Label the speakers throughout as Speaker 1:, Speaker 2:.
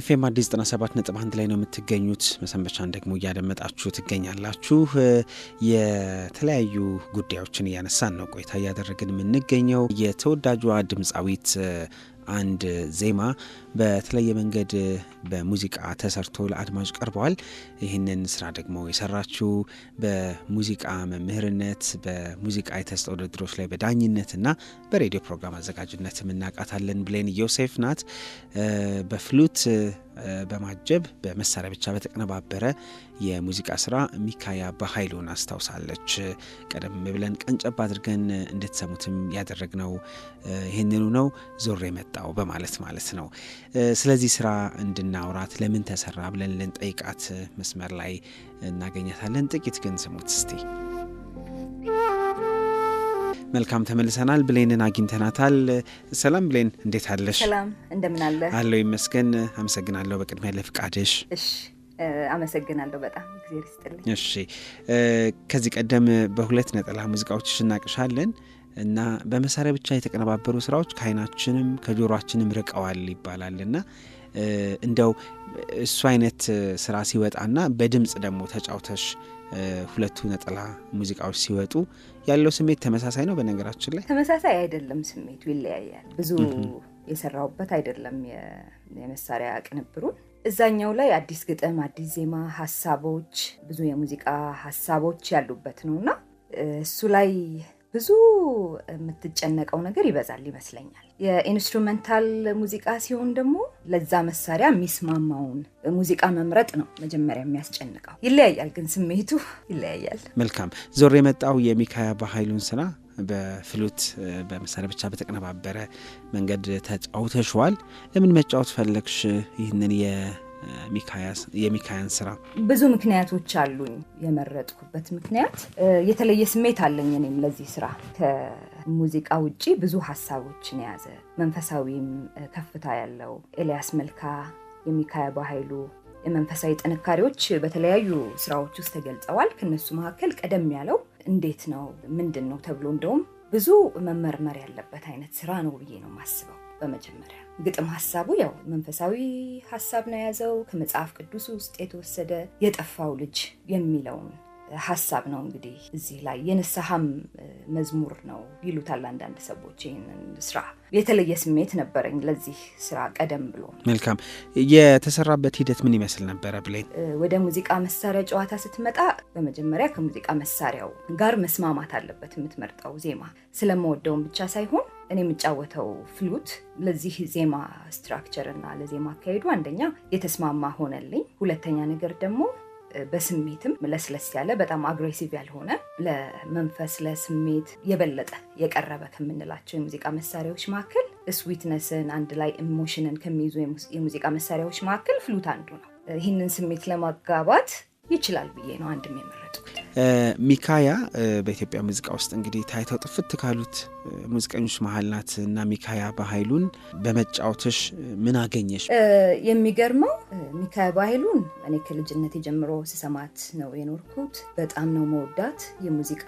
Speaker 1: ኤፍኤም አዲስ ነጥብ አንድ ላይ ነው የምትገኙት። መሰንበቻን ደግሞ እያደመጣችሁ ትገኛላችሁ። የተለያዩ ጉዳዮችን እያነሳን ነው ቆይታ እያደረግን የምንገኘው የተወዳጇ ድምፃዊት አንድ ዜማ በተለየ መንገድ በሙዚቃ ተሰርቶ ለአድማጭ ቀርበዋል። ይህንን ስራ ደግሞ የሰራችው በሙዚቃ መምህርነት፣ በሙዚቃ የተስጦ ውድድሮች ላይ በዳኝነትና በሬዲዮ ፕሮግራም አዘጋጅነት የምናውቃታለን ብሌን ዮሴፍ ናት። በፍሉት በማጀብ በመሳሪያ ብቻ በተቀነባበረ የሙዚቃ ስራ ሚካያ በኃይሉን አስታውሳለች። ቀደም ብለን ቀንጨብ አድርገን እንድትሰሙትም ያደረግነው ይህንኑ ነው፣ ዞር የመጣው በማለት ማለት ነው። ስለዚህ ስራ እንድናውራት ለምን ተሰራ ብለን ልንጠይቃት መስመር ላይ እናገኛታለን። ጥቂት ግን ስሙት እስቲ። መልካም ተመልሰናል። ብሌንን አግኝተናታል። ሰላም ብሌን፣ እንዴት አለሽ?
Speaker 2: ሰላም እንደምናለ
Speaker 1: አለው ይመስገን። አመሰግናለሁ በቅድሚያ ለፍቃድሽ።
Speaker 2: አመሰግናለሁ በጣም እግዜር
Speaker 1: ይስጥልኝ። እሺ ከዚህ ቀደም በሁለት ነጠላ ሙዚቃዎች እናቅሻለን እና በመሳሪያ ብቻ የተቀነባበሩ ስራዎች ከአይናችንም ከጆሮችንም ርቀዋል ይባላል እና እንደው እሱ አይነት ስራ ሲወጣና በድምፅ ደግሞ ተጫውተሽ ሁለቱ ነጠላ ሙዚቃዎች ሲወጡ ያለው ስሜት ተመሳሳይ ነው። በነገራችን ላይ
Speaker 2: ተመሳሳይ አይደለም፣ ስሜቱ ይለያያል። ብዙ የሰራውበት አይደለም የመሳሪያ ቅንብሩን። እዛኛው ላይ አዲስ ግጥም፣ አዲስ ዜማ፣ ሀሳቦች ብዙ የሙዚቃ ሀሳቦች ያሉበት ነው እና እሱ ላይ ብዙ የምትጨነቀው ነገር ይበዛል ይመስለኛል። የኢንስትሩመንታል ሙዚቃ ሲሆን ደግሞ ለዛ መሳሪያ የሚስማማውን ሙዚቃ መምረጥ ነው መጀመሪያ የሚያስጨንቀው። ይለያያል፣ ግን ስሜቱ ይለያያል።
Speaker 1: መልካም ዞር የመጣው የሚካያ በኃይሉን ስራ በፍሉት በመሳሪያ ብቻ በተቀነባበረ መንገድ ተጫውተሸዋል። ለምን መጫወት ፈለግሽ ይህንን የሚካያን ስራ
Speaker 2: ብዙ ምክንያቶች አሉኝ። የመረጥኩበት ምክንያት የተለየ ስሜት አለኝ። እኔም ለዚህ ስራ ከሙዚቃ ውጭ ብዙ ሀሳቦችን የያዘ መንፈሳዊም ከፍታ ያለው ኤልያስ መልካ፣ የሚካያ በኃይሉ መንፈሳዊ ጥንካሬዎች በተለያዩ ስራዎች ውስጥ ተገልጸዋል። ከነሱ መካከል ቀደም ያለው እንዴት ነው ምንድን ነው ተብሎ እንደውም ብዙ መመርመር ያለበት አይነት ስራ ነው ብዬ ነው የማስበው። በመጀመሪያ ግጥም ሀሳቡ ያው መንፈሳዊ ሀሳብ ነው የያዘው። ከመጽሐፍ ቅዱስ ውስጥ የተወሰደ የጠፋው ልጅ የሚለውን ሀሳብ ነው እንግዲህ እዚህ ላይ የንስሐም መዝሙር ነው ይሉታል አንዳንድ ሰዎች። ይህንን ስራ የተለየ ስሜት ነበረኝ ለዚህ ስራ ቀደም ብሎ።
Speaker 1: መልካም የተሰራበት ሂደት ምን ይመስል ነበረ? ብሌን፣
Speaker 2: ወደ ሙዚቃ መሳሪያ ጨዋታ ስትመጣ በመጀመሪያ ከሙዚቃ መሳሪያው ጋር መስማማት አለበት የምትመርጠው ዜማ። ስለመወደውን ብቻ ሳይሆን እኔ የምጫወተው ፍሉት ለዚህ ዜማ ስትራክቸር እና ለዜማ አካሄዱ አንደኛ የተስማማ ሆነልኝ፣ ሁለተኛ ነገር ደግሞ በስሜትም ለስለስ ያለ በጣም አግሬሲቭ ያልሆነ ለመንፈስ ለስሜት የበለጠ የቀረበ ከምንላቸው የሙዚቃ መሳሪያዎች መካከል ስዊትነስን አንድ ላይ ኢሞሽንን ከሚይዙ የሙዚቃ መሳሪያዎች መካከል ፍሉት አንዱ ነው። ይህንን ስሜት ለማጋባት ይችላል ብዬ ነው አንድም የመረጥኩት።
Speaker 1: ሚካያ በኢትዮጵያ ሙዚቃ ውስጥ እንግዲህ ታይተው ጥፍት ካሉት ሙዚቀኞች መሀል ናት እና ሚካያ ባህሉን በመጫወትሽ ምን አገኘሽ?
Speaker 2: የሚገርመው ሚካያ በኃይሉን እኔ ከልጅነት ጀምሮ ስሰማት ነው የኖርኩት። በጣም ነው መወዳት የሙዚቃ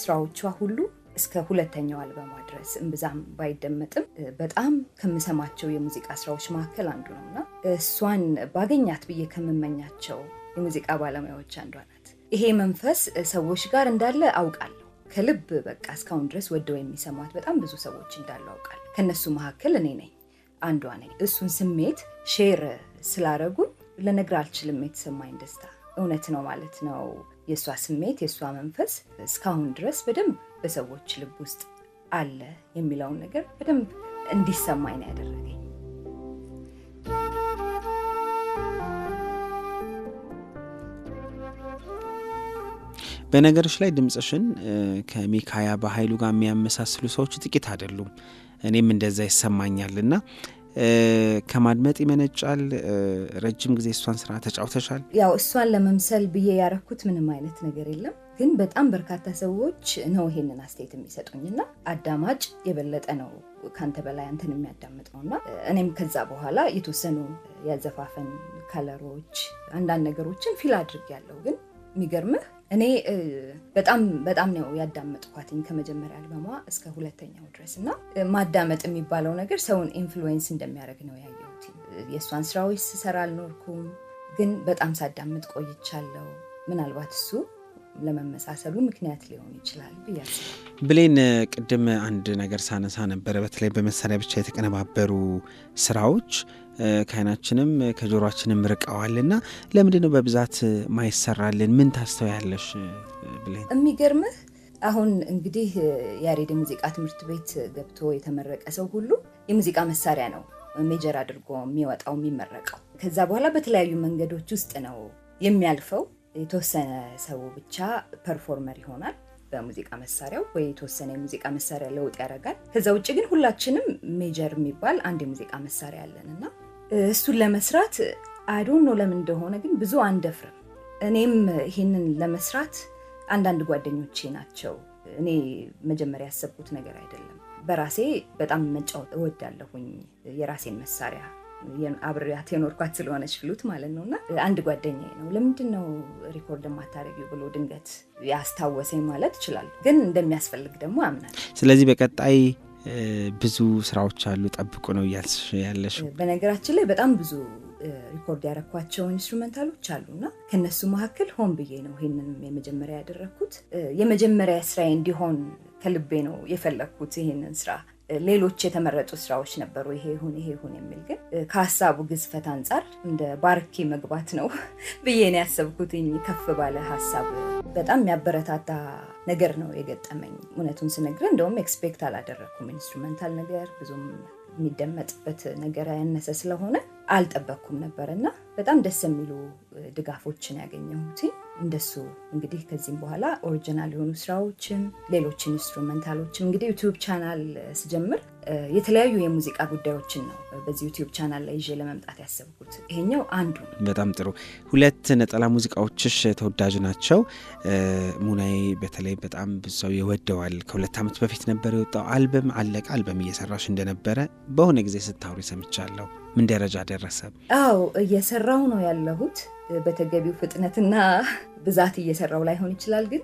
Speaker 2: ስራዎቿ ሁሉ እስከ ሁለተኛው አልበሟ ድረስ እምብዛም ባይደመጥም በጣም ከምሰማቸው የሙዚቃ ስራዎች መካከል አንዱ ነውና እሷን ባገኛት ብዬ ከምመኛቸው የሙዚቃ ባለሙያዎች አንዷ ናት። ይሄ መንፈስ ሰዎች ጋር እንዳለ አውቃለሁ። ከልብ በቃ እስካሁን ድረስ ወደው የሚሰማት በጣም ብዙ ሰዎች እንዳሉ አውቃለሁ። ከነሱ መካከል እኔ ነኝ አንዷ ነኝ። እሱን ስሜት ሼር ስላረጉኝ ለነግር አልችልም። የተሰማኝ ደስታ እውነት ነው ማለት ነው። የእሷ ስሜት የእሷ መንፈስ እስካሁን ድረስ በደንብ በሰዎች ልብ ውስጥ አለ የሚለውን ነገር በደንብ እንዲሰማኝ ነው ያደረገኝ።
Speaker 1: በነገሮች ላይ ድምፅሽን ከሚካያ በኃይሉ ጋር የሚያመሳስሉ ሰዎች ጥቂት አይደሉም። እኔም እንደዛ ይሰማኛል እና ከማድመጥ ይመነጫል። ረጅም ጊዜ እሷን ስራ ተጫውተሻል።
Speaker 2: ያው እሷን ለመምሰል ብዬ ያረኩት ምንም አይነት ነገር የለም፣ ግን በጣም በርካታ ሰዎች ነው ይሄንን አስተያየት የሚሰጡኝና አዳማጭ የበለጠ ነው ከአንተ በላይ አንተን የሚያዳምጠውና እኔም ከዛ በኋላ የተወሰኑ ያዘፋፈን ከለሮች፣ አንዳንድ ነገሮችን ፊል አድርጌያለሁ ግን የሚገርምህ እኔ በጣም በጣም ነው ያዳመጥኳትኝ ከመጀመሪያ አልበሟ እስከ ሁለተኛው ድረስ እና ማዳመጥ የሚባለው ነገር ሰውን ኢንፍሉዌንስ እንደሚያደርግ ነው ያየሁት። የእሷን ስራዎች ስሰራ አልኖርኩም፣ ግን በጣም ሳዳምጥ ቆይቻለው። ምናልባት እሱ ለመመሳሰሉ ምክንያት ሊሆን ይችላል ብያስ
Speaker 1: ብሌን፣ ቅድም አንድ ነገር ሳነሳ ነበረ፣ በተለይ በመሳሪያ ብቻ የተቀነባበሩ ስራዎች ከይናችንም ከጆሮችንም ርቀዋልና ለምንድ ነው በብዛት ማይሰራልን? ምን ታስተውያለሽ ብለ
Speaker 2: የሚገርምህ አሁን እንግዲህ ያሬድ የሙዚቃ ትምህርት ቤት ገብቶ የተመረቀ ሰው ሁሉ የሙዚቃ መሳሪያ ነው ሜጀር አድርጎ የሚወጣው የሚመረቀው። ከዛ በኋላ በተለያዩ መንገዶች ውስጥ ነው የሚያልፈው። የተወሰነ ሰው ብቻ ፐርፎርመር ይሆናል በሙዚቃ መሳሪያው ወይ የተወሰነ የሙዚቃ መሳሪያ ለውጥ ያደርጋል። ከዛ ውጭ ግን ሁላችንም ሜጀር የሚባል አንድ የሙዚቃ መሳሪያ አለን እና እሱን ለመስራት አይዶን ነው ለምን እንደሆነ ግን ብዙ አንደፍርም። እኔም ይህንን ለመስራት አንዳንድ ጓደኞቼ ናቸው። እኔ መጀመሪያ ያሰብኩት ነገር አይደለም። በራሴ በጣም መጫወት እወዳለሁኝ። የራሴን መሳሪያ አብሬያት የኖርኳት ስለሆነች ፍሉት ማለት ነው። እና አንድ ጓደኛ ነው ለምንድን ነው ሪኮርድ ማታደረግ ብሎ ድንገት ያስታወሰኝ ማለት ይችላል። ግን እንደሚያስፈልግ ደግሞ አምናል።
Speaker 1: ስለዚህ በቀጣይ ብዙ ስራዎች አሉ ጠብቁ ነው እያልሽ
Speaker 2: በነገራችን ላይ በጣም ብዙ ሪኮርድ ያረኳቸው ኢንስትሩመንታሎች አሉ እና ከእነሱ መካከል ሆን ብዬ ነው ይህንን የመጀመሪያ ያደረግኩት። የመጀመሪያ ስራ እንዲሆን ከልቤ ነው የፈለግኩት ይህንን ስራ ሌሎች የተመረጡ ስራዎች ነበሩ። ይሄ ይሁን ይሄ ይሁን የሚል ግን ከሀሳቡ ግዝፈት አንጻር እንደ ባርኬ መግባት ነው ብዬን ያሰብኩትኝ። ከፍ ባለ ሀሳብ በጣም የሚያበረታታ ነገር ነው የገጠመኝ። እውነቱን ስነግር እንደውም ኤክስፔክት አላደረግኩም። ኢንስትሩመንታል ነገር ብዙም የሚደመጥበት ነገር ያነሰ ስለሆነ አልጠበቅኩም ነበር እና በጣም ደስ የሚሉ ድጋፎችን ያገኘሁትኝ እንደሱ እንግዲህ ከዚህም በኋላ ኦሪጂናል የሆኑ ስራዎችም ሌሎች ኢንስትሩመንታሎችም እንግዲህ ዩቲዩብ ቻናል ስጀምር የተለያዩ የሙዚቃ ጉዳዮችን ነው በዚህ ዩቲዩብ ቻናል ላይ ይዤ ለመምጣት ያሰብኩት። ይሄኛው አንዱ ነው።
Speaker 1: በጣም ጥሩ። ሁለት ነጠላ ሙዚቃዎችሽ ተወዳጅ ናቸው። ሙናይ በተለይ በጣም ብዙ ሰው ይወደዋል። ከሁለት ዓመት በፊት ነበር የወጣው አልበም አለቀ። አልበም እየሰራሽ እንደነበረ በሆነ ጊዜ ስታውሪ ሰምቻለሁ። ምን ደረጃ ደረሰ?
Speaker 2: አዎ እየሰራው ነው ያለሁት በተገቢው ፍጥነትና ብዛት እየሰራው ላይሆን ይችላል፣ ግን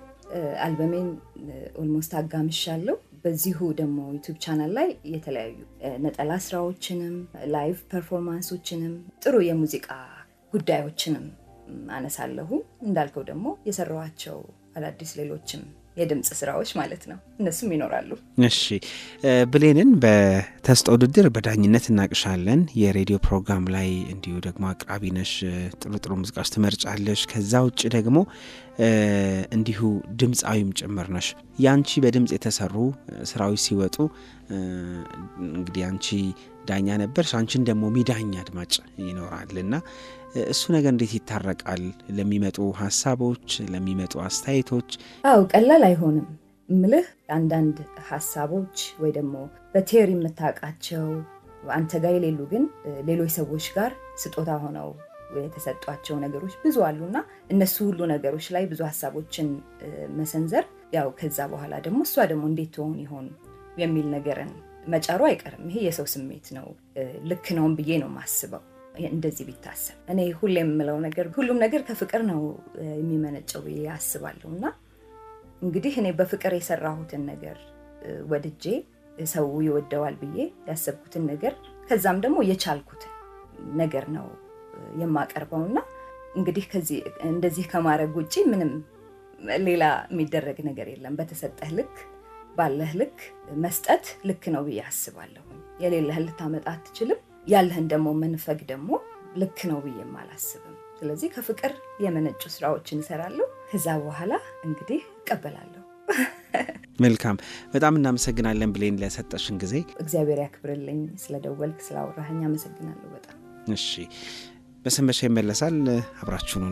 Speaker 2: አልበሜን ኦልሞስት አጋምሻለሁ። በዚሁ ደግሞ ዩቱብ ቻናል ላይ የተለያዩ ነጠላ ስራዎችንም ላይቭ ፐርፎርማንሶችንም ጥሩ የሙዚቃ ጉዳዮችንም አነሳለሁ። እንዳልከው ደግሞ የሰራኋቸው አዳዲስ ሌሎችም የድምፅ ስራዎች ማለት ነው። እነሱም ይኖራሉ።
Speaker 1: እሺ ብሌንን በተስጦ ውድድር በዳኝነት እናቅሻለን። የሬዲዮ ፕሮግራም ላይ እንዲሁ ደግሞ አቅራቢ ነሽ፣ ጥሩ ጥሩ ሙዚቃዎች ትመርጫለሽ። ከዛ ውጭ ደግሞ እንዲሁ ድምፃዊም ጭምር ነሽ። ያንቺ በድምፅ የተሰሩ ስራዎች ሲወጡ እንግዲህ አንቺ ዳኛ ነበር አንቺን ደግሞ ሚዳኛ አድማጭ ይኖራልና እሱ ነገር እንዴት ይታረቃል? ለሚመጡ ሀሳቦች፣ ለሚመጡ አስተያየቶች
Speaker 2: አው ቀላል አይሆንም ምልህ አንዳንድ ሀሳቦች ወይ ደግሞ በቴዎሪ የምታውቃቸው አንተ ጋር የሌሉ ግን ሌሎች ሰዎች ጋር ስጦታ ሆነው የተሰጧቸው ነገሮች ብዙ አሉና እነሱ ሁሉ ነገሮች ላይ ብዙ ሀሳቦችን መሰንዘር ያው ከዛ በኋላ ደግሞ እሷ ደግሞ እንዴት ትሆን ይሆን የሚል ነገርን መጫሩ አይቀርም። ይሄ የሰው ስሜት ነው። ልክ ነውን ብዬ ነው የማስበው። እንደዚህ ቢታሰብ እኔ ሁሌ የምለው ነገር ሁሉም ነገር ከፍቅር ነው የሚመነጨው ብዬ አስባለሁ እና እንግዲህ እኔ በፍቅር የሰራሁትን ነገር ወድጄ ሰው ይወደዋል ብዬ ያሰብኩትን ነገር ከዛም ደግሞ የቻልኩትን ነገር ነው የማቀርበው እና እንግዲህ እንደዚህ ከማድረግ ውጭ ምንም ሌላ የሚደረግ ነገር የለም። በተሰጠህ ልክ ባለህ ልክ መስጠት ልክ ነው ብዬ አስባለሁ። የሌለህን ልታመጣ አትችልም። ያለህን ደግሞ መንፈግ ደግሞ ልክ ነው ብዬም አላስብም። ስለዚህ ከፍቅር የመነጩ ስራዎችን እሰራለሁ። ከዛ በኋላ እንግዲህ እቀበላለሁ።
Speaker 1: መልካም፣ በጣም እናመሰግናለን ብሌን ለሰጠሽን ጊዜ።
Speaker 2: እግዚአብሔር ያክብርልኝ። ስለደወልክ ስላወራኸኝ አመሰግናለሁ በጣም
Speaker 1: እሺ። በስንበሻ ይመለሳል። አብራችሁኑ ነው